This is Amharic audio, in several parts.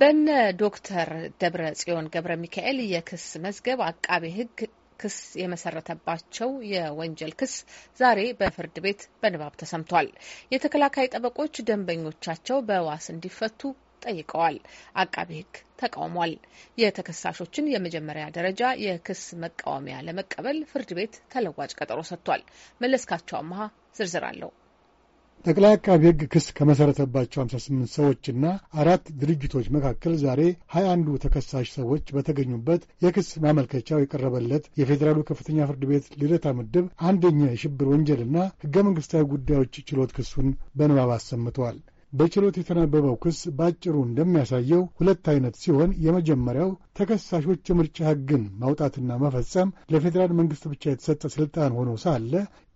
በነ ዶክተር ደብረ ጽዮን ገብረ ሚካኤል የክስ መዝገብ አቃቤ ሕግ ክስ የመሰረተባቸው የወንጀል ክስ ዛሬ በፍርድ ቤት በንባብ ተሰምቷል። የተከላካይ ጠበቆች ደንበኞቻቸው በዋስ እንዲፈቱ ጠይቀዋል። አቃቢ ሕግ ተቃውሟል። የተከሳሾችን የመጀመሪያ ደረጃ የክስ መቃወሚያ ለመቀበል ፍርድ ቤት ተለዋጭ ቀጠሮ ሰጥቷል። መለስካቸው አመሀ ዝርዝር አለው። ጠቅላይ አቃቢ ሕግ ክስ ከመሠረተባቸው 58 ሰዎችና አራት ድርጅቶች መካከል ዛሬ 21 ንዱ ተከሳሽ ሰዎች በተገኙበት የክስ ማመልከቻው የቀረበለት የፌዴራሉ ከፍተኛ ፍርድ ቤት ልደታ ምድብ አንደኛ የሽብር ወንጀልና ሕገ መንግሥታዊ ጉዳዮች ችሎት ክሱን በንባብ አሰምተዋል። በችሎት የተነበበው ክስ ባጭሩ እንደሚያሳየው ሁለት አይነት ሲሆን የመጀመሪያው ተከሳሾች የምርጫ ሕግን ማውጣትና መፈጸም ለፌዴራል መንግሥት ብቻ የተሰጠ ሥልጣን ሆኖ ሳለ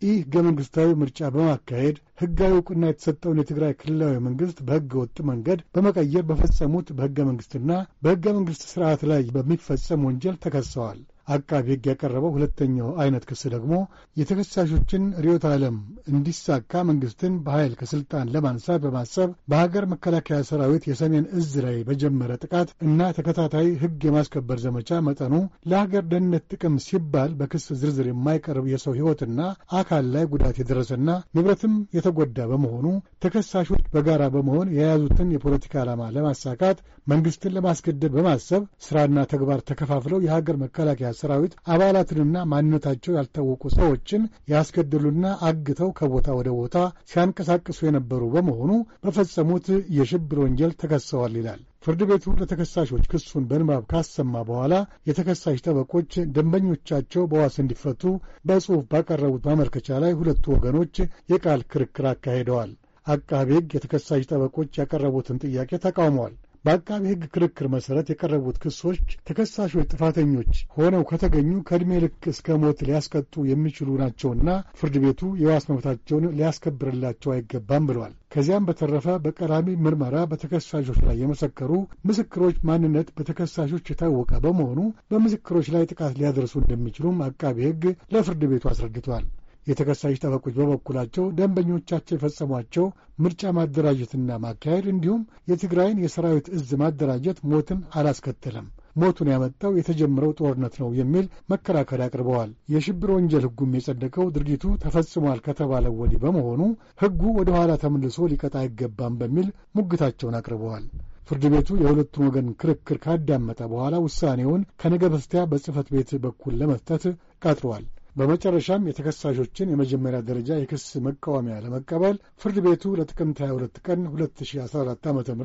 ይህ ሕገ መንግሥታዊ ምርጫ በማካሄድ ሕጋዊ ዕውቅና የተሰጠውን የትግራይ ክልላዊ መንግሥት በሕገ ወጥ መንገድ በመቀየር በፈጸሙት በሕገ መንግሥትና በሕገ መንግሥት ሥርዓት ላይ በሚፈጸም ወንጀል ተከሰዋል። አቃቢ ሕግ ያቀረበው ሁለተኛው አይነት ክስ ደግሞ የተከሳሾችን ርዕዮተ ዓለም እንዲሳካ መንግስትን በኃይል ከስልጣን ለማንሳት በማሰብ በሀገር መከላከያ ሰራዊት የሰሜን እዝ ላይ በጀመረ ጥቃት እና ተከታታይ ሕግ የማስከበር ዘመቻ መጠኑ ለሀገር ደህንነት ጥቅም ሲባል በክስ ዝርዝር የማይቀርብ የሰው ሕይወትና አካል ላይ ጉዳት የደረሰና ንብረትም የተጎዳ በመሆኑ ተከሳሾች በጋራ በመሆን የያዙትን የፖለቲካ ዓላማ ለማሳካት መንግስትን ለማስገደድ በማሰብ ስራና ተግባር ተከፋፍለው የሀገር መከላከያ ሰራዊት አባላትንና ማንነታቸው ያልታወቁ ሰዎችን ያስገደሉና አግተው ከቦታ ወደ ቦታ ሲያንቀሳቅሱ የነበሩ በመሆኑ በፈጸሙት የሽብር ወንጀል ተከሰዋል ይላል። ፍርድ ቤቱ ለተከሳሾች ክሱን በንባብ ካሰማ በኋላ የተከሳሽ ጠበቆች ደንበኞቻቸው በዋስ እንዲፈቱ በጽሑፍ ባቀረቡት ማመልከቻ ላይ ሁለቱ ወገኖች የቃል ክርክር አካሂደዋል። አቃቤ ሕግ የተከሳሽ ጠበቆች ያቀረቡትን ጥያቄ ተቃውመዋል። በአቃቢ ሕግ ክርክር መሠረት የቀረቡት ክሶች ተከሳሾች ጥፋተኞች ሆነው ከተገኙ ከዕድሜ ልክ እስከ ሞት ሊያስቀጡ የሚችሉ ናቸውና ፍርድ ቤቱ የዋስ መብታቸውን ሊያስከብርላቸው አይገባም ብለዋል። ከዚያም በተረፈ በቀራሚ ምርመራ በተከሳሾች ላይ የመሰከሩ ምስክሮች ማንነት በተከሳሾች የታወቀ በመሆኑ በምስክሮች ላይ ጥቃት ሊያደርሱ እንደሚችሉም አቃቢ ሕግ ለፍርድ ቤቱ አስረድቷል። የተከሳሽ ጠበቆች በበኩላቸው ደንበኞቻቸው የፈጸሟቸው ምርጫ ማደራጀትና ማካሄድ እንዲሁም የትግራይን የሰራዊት እዝ ማደራጀት ሞትን አላስከተለም ሞቱን ያመጣው የተጀመረው ጦርነት ነው የሚል መከራከሪያ አቅርበዋል። የሽብር ወንጀል ሕጉም የጸደቀው ድርጊቱ ተፈጽሟል ከተባለው ወዲህ በመሆኑ ሕጉ ወደ ኋላ ተመልሶ ሊቀጣ አይገባም በሚል ሙግታቸውን አቅርበዋል። ፍርድ ቤቱ የሁለቱን ወገን ክርክር ካዳመጠ በኋላ ውሳኔውን ከነገ በስቲያ በጽህፈት ቤት በኩል ለመስጠት ቀጥሯል። በመጨረሻም የተከሳሾችን የመጀመሪያ ደረጃ የክስ መቃወሚያ ለመቀበል ፍርድ ቤቱ ለጥቅምት 22 ቀን 2014 ዓ ም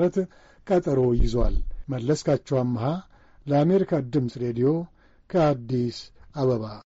ቀጠሮ ይዟል። መለስካቸው አምሃ ለአሜሪካ ድምፅ ሬዲዮ ከአዲስ አበባ